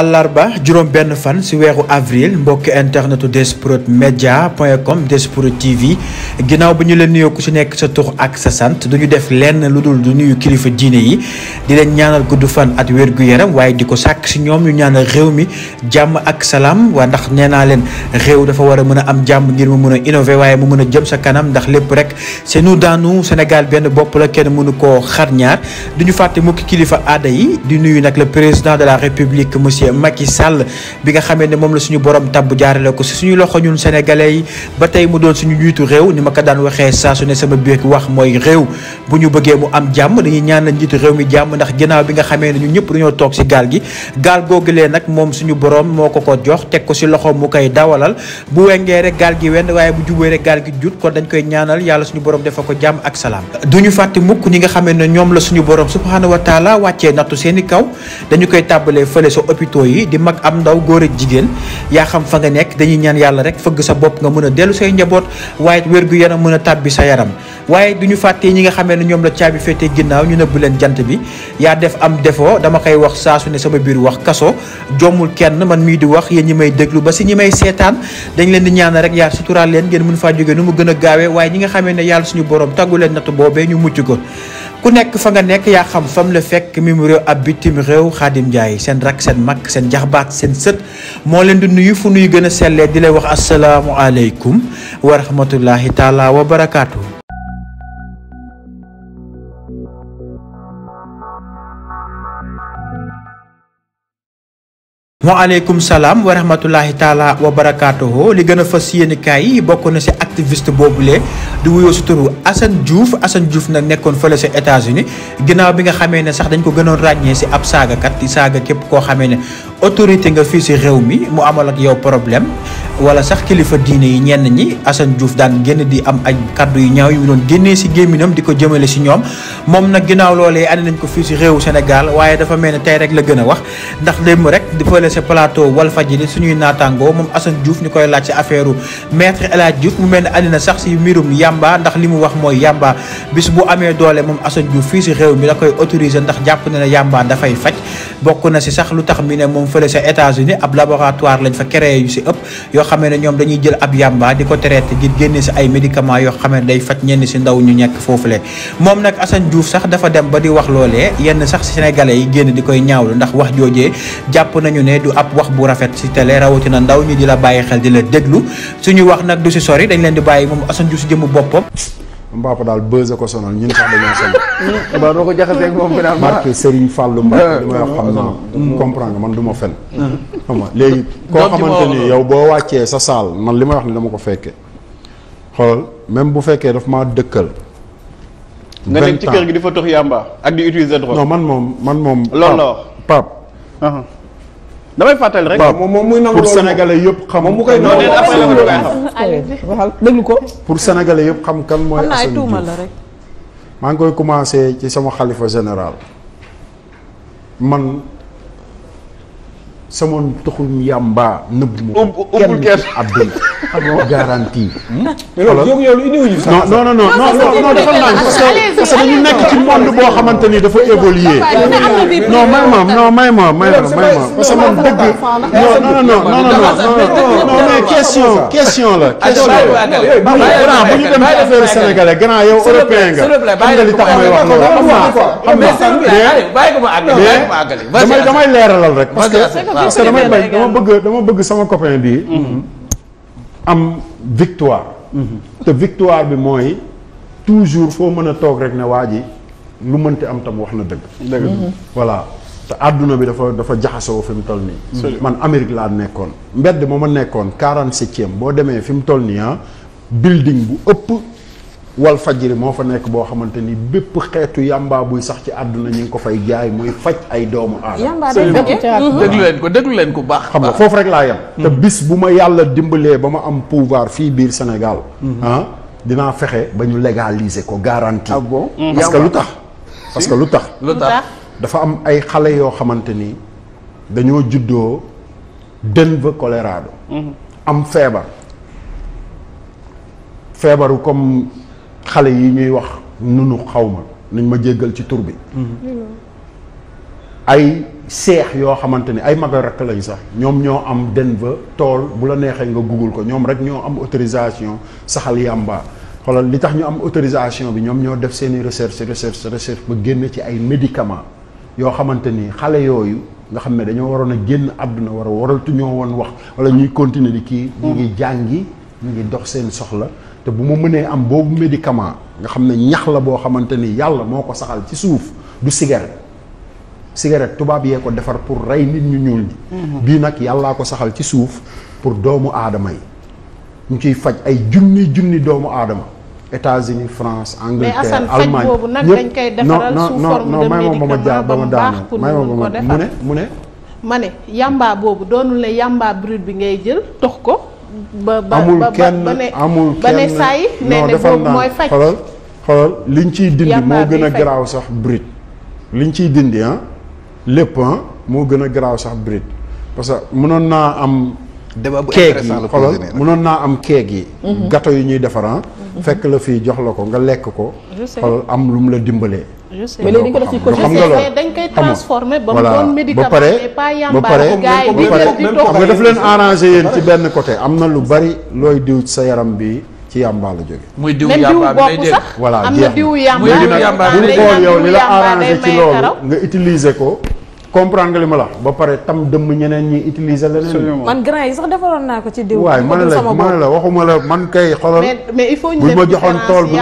àllarba juróom benn fan si weeru avril mbokki internetu desprod media point com desprod tv ginnaaw bi ñu leen nuyoo ku si nekk sa tur ak sa sant du def lenn lu dul du nuyu kilifa diine yi di leen ñaanal gudd fan ak wér gu yaram waaye di ko sàkk si ñoom ñu ñaanal réew mi jàmm ak salaam waa ndax nee naa leen réew dafa war a mën a am jàmm ngir mu mën a innover waaye mu mën a jëm sa kanam ndax lépp rek seenu nous Sénégal benn bopp la kenn mënu koo xar ñaar du ñu fàtte mukki kilifa aada yi di nuyu nag le président de la république monsieur Macky Sall bi nga xamee ne moom la suñu borom tàbb jaarale ko si suñu loxo ñun sénégalais yi ba tey mu doon suñu njiitu réew ni ma ko daan waxee saa su ne sama biir wax mooy réew bu ñu bëggee mu am jàmm dañuy ñaan njiitu réew mi jàmm ndax ginnaaw bi nga xamee ne ñun ñëpp dañoo toog si gaal gi gaal googulee nag moom suñu borom moo ko ko jox teg ko si loxo mu koy dawalal bu wengee rek gaal gi wenn waaye bu jubee rek gaal gi jut kon dañ koy ñaanal yàlla suñu borom defa ko jàmm ak salaam duñu fàtte mukk ñi nga xamee ne ñoom la suñu borom subhanahu wa taala wàccee nattu seeni kaw dañu koy tàbbalee xaritoo yi di mag am ndaw góor ak jigéen yaa xam fa nga nekk dañuy ñaan yàlla rek fëgg sa bopp nga mën a dellu say njaboot waaye gu yaram mën a tàbbi sa yaram waaye du ñu yi ñi nga xamee ne ñoom la caabi féetee ginnaaw ñu nëbb leen jant bi yaa def am defoo dama koy wax saasu ne sama biir wax kaso jommul kenn man mii di wax yéen ñi may déglu ba si ñi may seetaan dañ leen di ñaan rek yàlla suturaal leen ngeen mën faa jógee nu mu gën a gaawee waaye ñi suñu borom tàggu leen natt boobee ñu mucc ko ku nekk fa nga nekk yaa xam fam la fekk mi mu réew ab bitim réew Xaadim Njaay seen rak seen mag seen jaxbaat seen sët moo leen di nuyu fu nuy gën a sellee di lay wax asalaamualeykum wa rahmatullahi taala wa barakaatu. waaleykum salaam wa rahmatulahi taala wa barakaatuhu li gën a fas yéene kaay yi bokkoon na si boobu lee di wuyoo si turu Assane Diouf Assane Diouf nag nekkoon fële sa États-Unis ginnaaw bi nga xamee ne sax dañ ko gënoon ràññee si ab saagakat di saaga képp koo xamee ne autorité nga fii si réew mi mu amal ak yow problème wala sax kilifa diine yi ñenn ñi asan Diouf daan génn di am ay kàddu yu ñaaw yu mu doon génnee si gémminam di ko jëmale si ñoom moom nag ginnaaw loolee nañ ko fii si réewu Sénégal waaye dafa mel ne tey rek la gën a wax ndax démb rek di fële sa plateau Walfadjri suñuy naataangoo moom Assane Diouf ñu koy laaj si affaire maître El Hadj Diouf mu mel ne andi na sax si mbirum yamba ndax li mu wax mooy yamba bis bu amee doole moom Assane Diouf fii si réew mi la koy autorisé ndax jàpp na ne yamba dafay faj bokk na si sax lu tax mi ne moom fële sa États-Unis ab laboratoire lañ fa créé yu si ëpp yoo xamee ne ñoom dañuy jël ab yamba di ko traité ngir génne si ay médicaments yoo xamee ne day faj ñenn si ndaw ñu nekk foofu foofule moom nag Assane Diouf sax dafa dem ba di wax loolee yenn sax sénégalais yi génn di koy ñaawlu ndax wax joojee jàpp nañu ne du ab wax bu rafet si tele rawatina ndaw ñi di la bàyyi xel di la déglu suñu wax nag du si sori dañ leen di bàyyi moom Assane Diouf si jëmu boppam Mbappé daal bëse ko sonal ñun sax dañoo sonal. waaw doo ko jaxasee ak moom finalement. Marc Serigne Fallou Mbappé li may wax mm. man du ma fen. xam léegi koo xamante ni yow boo wàccee sa saal man li may wax ni dama ko fekkee. xool même bu fekkee dafa maa dëkkal. nga nekk ci kër gi di fa tox yàmba ak di utiliser drogue. non man moom man moom. loolu la wax uh-huh. damay fàttali rek. waaw moom moom muy nangu loolu pour sénégalais yëpp xam. moom mu koy nangu waxal déglu ko. pour sénégalais yëpp xam kan mooy. Assane Diouf maa ngi koy commencé ci sama xalifa général man. sama toxum yàmba nëbb mu. kenn ci àdduna amoo garantie. mais loolu yow yow indiwuñu sax. non non non non non dafa naan parce que parce que dañu nekk ci monde boo xamante ni dafa évoluer. non may ma non may ma may ma may ma parce que man dëgg. non non non non non non mais question question la. question grand bu ñu dem affaire sénégalais grand yow européen nga. xam nga li tax may wax loolu xam nga. xam nga mais damay damay leeralal rek parce que. parce que dama bëgg dama bëgg dama bëgg sama copain bii mm-hmm. am victoire. Mm-hmm. te victoire bi mooy toujours foo mën a toog rek ne waa ji lu mënti am tam wax na dëgg. dëgg mm-hmm. voilà te àdduna bi dafa dafa jaxasoo fi mu toll nii. man Amérique laa nekkoon. mbedd ma ma nekkoon quarant septième boo demee fi mu toll nii ah building bu ëpp. wal fajiri moo fa nekk boo xamante ni bépp xeetu yàmbaa buy sax ci àdduna ñu ngi ko fay jaay muy faj ay doomu aadama déglu leen ko déglu leen ko baax xam nga foofu rek laa yem te hmm. bis bu ma yàlla dimbalee ba ma am pouvoir fii biir Sénégal hmm. ah dinaa fexe ba ñu légaliser ko garantie ah bon hmm. que lu tax parce que lu tax lu tax dafa am ay xale yoo xamante ni dañoo juddoo Denver Colorado am feebar feebaru comme xale yi ñuy wax nunu xaw ma nañ ma jéggal ci tur bi mm-hmm. ay seex yoo xamante ni ay mag rakk lañ sax ñoom ñoo am denva tool bu la neexee nga gugul ko ñoom rek ñoo am autorisation saxal yàmba xoolal li tax ñu am autorisation bi ñoom ñoo def seeni recherche recherche recherche ba génn ci ay médicament yoo xamante ni xale yooyu nga xam ne dañoo waroon a génn àdduna war a waraltu ñoo woon wax wala ñuy continuer di kii ñu ngi jàngi ñu ngi dox seen soxla te bu ma mënee am boobu médicament nga xam ne ñax la boo xamante ni yàlla moo ko saxal ci suuf du cigarette cigarette tubaab yee ko defar pour rey nit ñu ñuul ñi mhm. bii nag yàllaa ko saxal ci suuf pour doomu aadama yi ñu ciy faj ay junni junni doomu aadama États-Unis France Angleterre Allemagne mais Assane faj boobu nag dañ koy defaral sous forme de médicament ba mu baax ko defar mu ne mu ne ma ne yàmbaa boobu doonul ne yàmbaa brut bi ngay jël tox ko ba ba ba ba ne amul kenn noo ne ne boobu mooy faj xoolal liñ ciy dindi moo gën a garaaw sax brut liñ ciy dindi ah lépp ah moo gën a garaaw sax brut parce que naa am débat bu intéressant la xoolal mënoon naa am keeg yi. Mhm. gâteau yi ñuy defaran ah. mhm. fekk la fii jox la ko nga lekk ko. xoolal am lu mu la dimbalee. je sais mais léegi dañ ko def ci dañ koy ba mu xam nga daf leen arrangé yéen ci benn côté am na lu bari looy diw sa yaram bi ci yàmba la jóge muy diw yàmba sax voilà am na diw yàmba léegi nag ci loolu nga utilise ko comprendre nga li ma la ba pare tam dëmm ñeneen ñi utiliser leneen. man grand yi sax defaroon naa ko ci diw. waaye man la man la waxuma la man kay xoolal. mais mais bu ma joxoon tool bu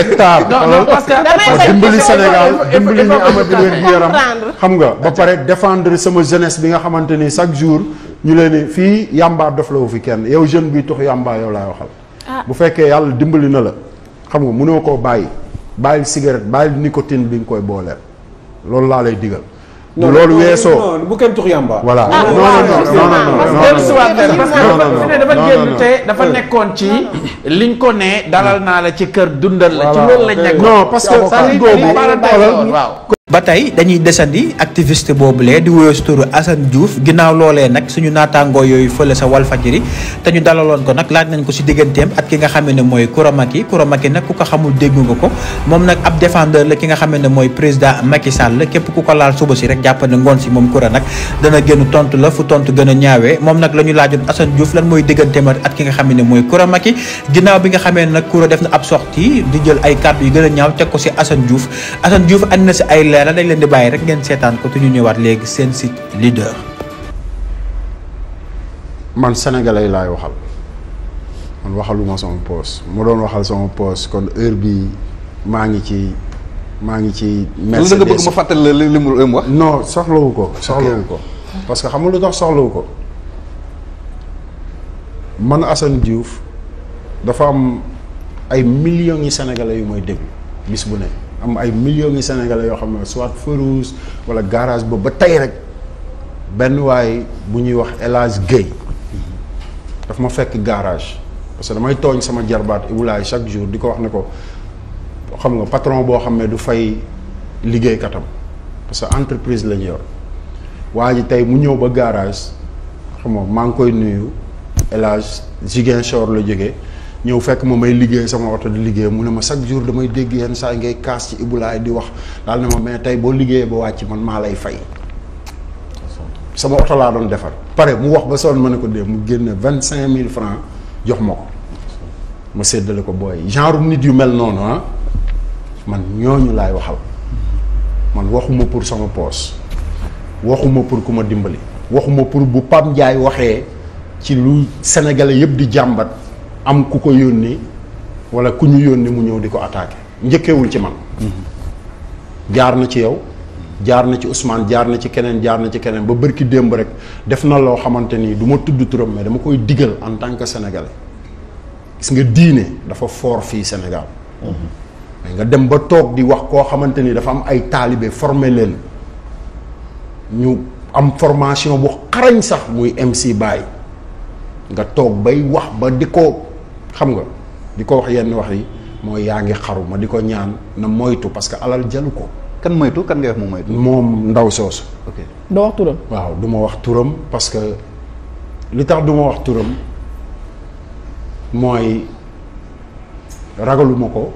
hectares. parce que dimbali Sénégal dimbali ñu yaram xam nga ba pare défendre sama jeunesse bi nga xamante ni chaque jour ñu leen fii yamba dof la wu fi kenn yow jeune bi tox yamba yow laay waxal. Ah. bu fekkee yàlla dimbali na la xam nga mënoo koo bàyyi bàyyil cigarette bàyyil nicotine bi nga koy booleel loolu laa lay digal. bu loolu weesoo bu kenn tux yàmba. voilà ah, non non dafa génn te dafa nekkoon ci liñ ko ne dalal naa la ci kër dundal la. ci loolu lañ nekkoon non parce que. waaw ba tey dañuy desandi activiste boobule di wuyoo si turu Assane Diouf ginnaaw loolee nag suñu naataangoo yooyu fële sa Walfadjri te ñu dalaloon ko nag laaj nañ ko si digganteem ak ki nga xam ne mooy Kouramaki Kouramaki nag ku ko xamul dégg nga ko moom nag ab défendeur la ki nga xam ne mooy président Macky Sall képp ku ko laal suba si rek jàpp ne ngoon si moom Koura nag dana génn tontu la fu tontu gën a ñaawee moom nag la ñu laajoon Assane Diouf lan mooy digganteem ak ki nga xam ne mooy Kouramaki ginnaaw bi nga xamee ne nag Koura def na ab sortie di jël ay kàddu yu gën a ñaaw teg ko si Assane Diouf leer la dañ leen di bàyyi rek ngeen seetaan ko te ñu ñëwaat léegi seen site leader. man sénégalais laay waxal man waxaluma sama poos mu doon waxal sama poos kon heure bi maa ngi ci maa ngi ci. Mercedes lu nga bëgg ma fàttali la li mu wax. non soxlawu ko. soxlawu ko parce que xam nga lu tax soxlawu ko man Assane Diouf dafa am ay millions yi sénégalais yu mooy déglu bis bu ne. am ay millions yi sénégalais yoo xam ne soit feu rouge wala garage boobu ba tey rek benn waay bu ñuy wax El Hadj Guèye daf ma fekk garage parce que damay tooñ sama jarbaat Iboulaye chaque jour di ko wax ne ko xam nga patron boo xam ne du fay liggéeykatam parce que entreprise la ñu yor waa ji tey mu ñëw ba garage xam maa ngi koy nuyu El Hadj la jóge ñëw fekk ma may liggéey sama oto di liggéey mu ne ma chaque jour damay dégg yenn saa ngay kaas ci ibulaay di wax daal ne ma mais tey boo liggéeyee ba wàcc man maa lay fay. sama oto laa doon defar pare mu wax ba soon ma ne ko dee mu génne vingt cinq mille francs jox ma ko ma séddale ko booy genre nit yu mel noonu ah man ñooñu laay waxal man waxuma pour sama poos waxuma pour ku ma dimbali waxuma pour bu pam Ndiaye waxee ci lu sénégalais yëpp di jàmbat am ku ko yónnee wala ku ñu yónnee mu ñëw di ko attaqué njëkkewul ci man jaar na ci yow jaar na ci Ousmane jaar na ci keneen jaar na ci keneen ba bërki démb rek def na loo xamante ni du ma tudd turam mais dama koy digal en tant que sénégalais gis nga diine dafa foor fii senegal mais nga dem ba toog di wax koo xamante ni dafa am ay taalibe formé leen ñu am formation bu xarañ sax muy MC Baye nga toog bay wax ba di ko xam nga di ko wax yenn wax yi mooy yaa ngi xaru di ko ñaan na moytu parce que alal jalu ko. kan moytu kan ngay wax mu moytu. moom ndaw soosu. ok doo wax turam. waaw duma wax turam parce que li tax duma wax turam mooy ragaluma ko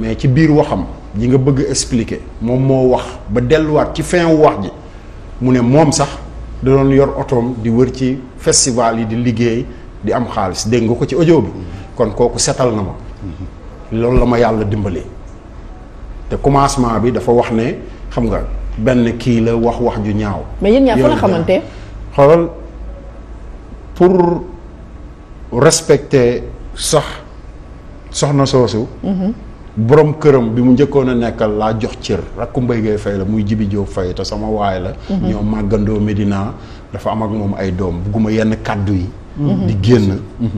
mais ci biir waxam ji nga bëgg expliquer moom moo wax ba delluwaat ci fin wu wax ji mu ne moom sax da doon yor otoom di wër ci festival yi di liggéey. di am xaalis dégg ko ci audio bi kon kooku setal na ma loolu la ma yàlla dimbali te commencement bi dafa wax ne xam nga benn kii la wax wax ju ñaaw mais yéen ñaa fa la xamante xoolal pour respecter sax soxna soosu mhm. borom këram bi mu njëkkoon a nekkal laa jox cër rakku mbay gay fay la muy jibi jóob fay te sama waay la mhm. ñoo màggandoo Medina dafa am ak moom ay doom bugguma yenn kàddu yi Mm-hmm. di génn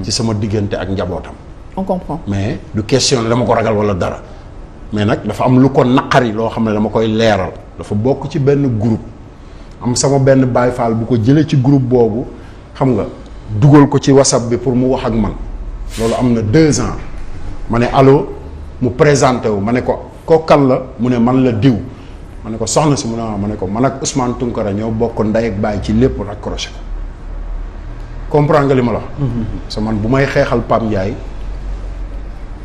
ci sama diggante ak njabootam on mais du question la dama ko ragal wala dara mais nag dafa am lu ko naqari loo xam ne dama koy leeral dafa bokk ci benn groupe am sama benn baay fal bu ko jëlee ci groupe boobu xam nga dugal ko ci whatsapp bi pour mu wax ak man loolu am na deux ans ma ne allo mu présenter wu ma ne ko kookal la mu ne man la diw ma ne ko soxna si mu ne ah, ma ne ko man ak Ousmane Tunkara ñoo bokk ndey ak baay ci lépp raccroché ko comprendre nga li ma la wax. Mhm. man bu may xeexal pam Ndiaye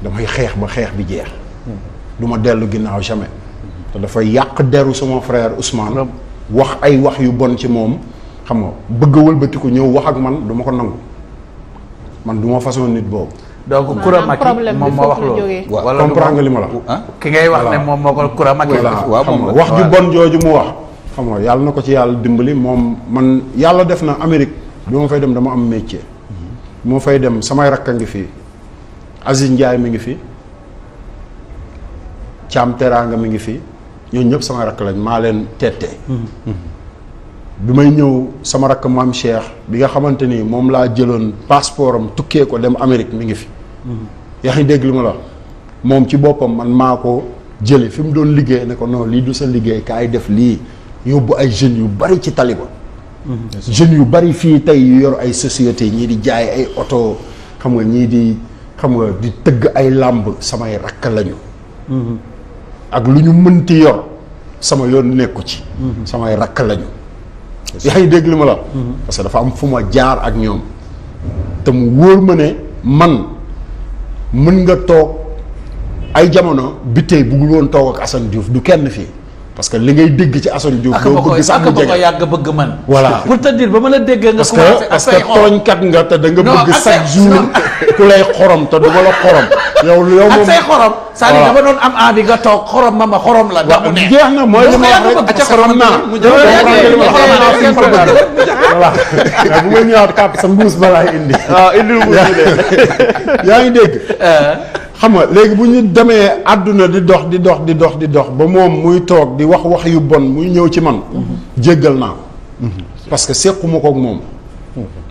damay xeex ba xeex bi jeex. Mhm. du ma dellu ginnaaw jamais. Mhm. te dafa yàq deru sama frère Ousmane. wax ay wax yu bon ci moom xam nga bëgg wëlbatiku ñëw wax ak man duma ko nangu du ma façon nit boobu. donc kuramaki moom moo wax loolu. wala comprendre nga li ma la ah, ki ngay wax ne moom moo ko kuramaki. waaw xam nga wax ju bon jooju mu wax. yàlla na ko ci yàlla dimbali moom man yàlla def na Amérique. bi ma fay dem dama am métier. moo fay dem samay rakk a ngi fi Aziz Ndiaye mi ngi fi Thiam Teranga mi ngi fi ñooñu ñëpp sama rakk lañ maa leen tette. bi may ñëw sama rakk maam Cheikh bi nga xamante ni moom laa jëloon passeport am tukkee ko dem Amérique mi ngi fi. yaxi déglu ma la moom ci boppam man maa ko jëlee fi mu doon liggéey ne ko non lii du sa liggéey kaay def lii yóbbu ay jeunes yu bari ci taliba. jeunes yu bari fii tey yu yor ay societé ñii di jaay ay oto xam nga ñii di xam nga di tëgg ay làmb samay rakk lañu mm-hmm. ak lu ñu mënti yor sama yoon nekku ci mm-hmm. samay rakk lañu yaa dégg li ma la mm-hmm. parce que dafa am fu ma jaar ak ñoom te mu wóor ma ne man mën nga toog ay jamono bi tey buggul woon toog ak Assane Diouf du kenn fii parce que li ngay dégg ci Assane Diouf. doo bëgg sax mu jege yàgg bëgg man. voilà pour te ba ma la déggee nga. commencé parce que tooñkat nga te da bëgg chaque jour ku lay xorom te du ma la xorom. yow yow moom ak say xorom. c'est-à-dire doon am aadi nga toog xorom ma ma xorom la. waaw jeex na mooy li ma xorom naa. mu jëm mu jëm mu jëm bu ma ñëwaat kàpp ah, dégg. Euh. xam nga léegi bu ñu demee àdduna di dox di dox di dox di dox ba moom muy toog di wax wax yu bon muy ñëw ci man jéggal naa ko parce que séquma ko ak moom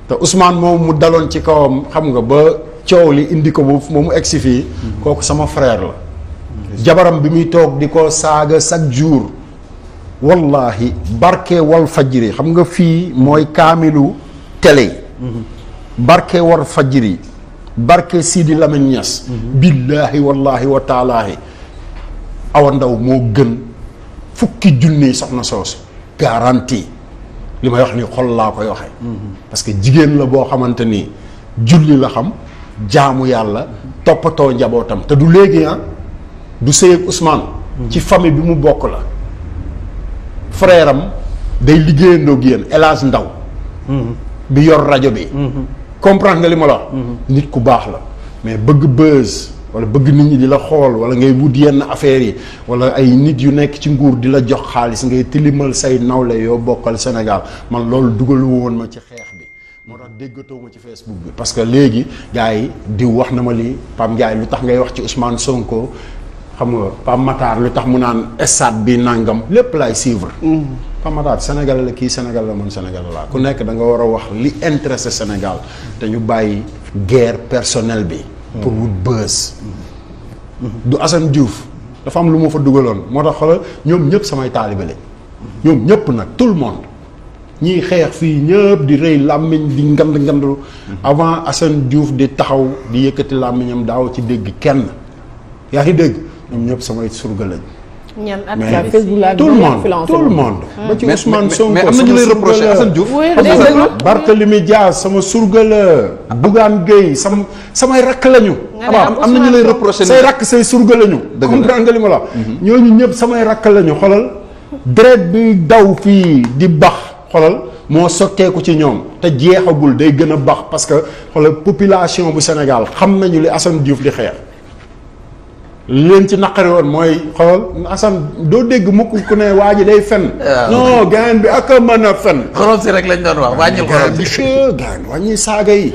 te Ousmane moom mu daloon ci kawam xam nga ba coow li indi ko bu moomu si fii kooku sama frère la jabaram bi muy toog di ko saaga chaque jour wallahi barke wal fajiri xam nga fii mooy kaamilu télé barke wal fajiri barke Sidi Lamine Niass. Mhm. billaahi wallaahi wa taalaahi ndaw moo gën fukki junne soxna soosu garantie li may wax ni xol laa koy waxee. Mhm. parce que jigéen la boo xamante ni julli la xam jaamu yàlla toppatoo njabootam te du léegi ah du sëy ak Ousmane. Mhm. ci famille bi mu bokk la. frère day liggéeyandoo ak yéen El Hadj Ndaw bi yor rajo bi. comprendre nga li ma la mhm. nit ku baax la mais bëgg buzz wala bëgg nit ñi di la xool wala ngay wut yenn affaires yi wala ay nit yu nekk ci nguur di la jox xaalis ngay tilimal say nawle yoo bokkal Sénégal man loolu dugalu woon ma ci xeex bi moo tax déggatoo ma ci Facebook bi parce que léegi gars yi diw wax na ma lii Pam Ndiaye lu tax ngay wax ci Ousmane Sonko xam nga Pam Matar lu tax mu naan estade bi nangam lépp laay suivre. Mhm. pamadaat Sénégal la kii Sénégal la man Sénégal laa ku nekk da nga war a wax li intéressé Sénégal te ñu bàyyi guerre personnelle bi pour wut bës du Assane Diouf dafa am lu ma fa dugaloon moo tax xoolal ñoom ñëpp samay taalibe lañ ñoom ñëpp nag tout le monde ñiy xeex fii ñëpp di rey làmmiñ di ngand ngandalu avant Assane Diouf di taxaw di yëkkati làmmiñam daaw ci dégg kenn yaa ngi dégg ñoom ñëpp samay surga lañ ñan ak la tout le monde tout le monde. Ah. ba ci Ousmane Sonko mais am na ñu lay reproché Assane Diouf. Barthélemy sama surga la. Bougane Gueye sama samay rakk lañu. Ah am na ñu lay reproché say rakk say surga lañu. dëgg la comprendre nga li ma la mhm. ñu ñëpp samay rakk lañu xolal deret bi daw fii di bax xolal moo sotteeku ci ñoom te jeexagul day gën a bax parce que xoolal population bu Sénégal xam ñu li Assane Diouf di xeex. leen ci naqari woon mooy xool Assane doo dégg mukk ku ne waa ji day fen ah. non gaan bi ak a mën a fen xorom si rek lañ doon wax wàññil xorom si gaan wàññi saaga yi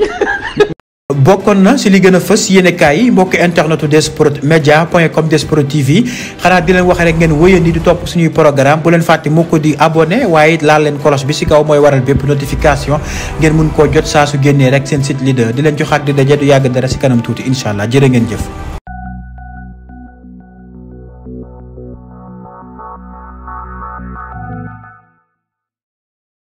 bokkoon na si li gën a fës yéenekaay yi mbokk internetu Desport Media point com Desport TV xanaa di leen wax rek ngeen wéyandi di topp suñuy programme bu leen fàtte mukk di abonné waaye it laal leen kolos bi si kaw mooy waral bépp notification ngeen mun koo jot saa su génnee rek seen site leader di leen joxaat di daje du yàgg dara si kanam tuuti incha allah jërë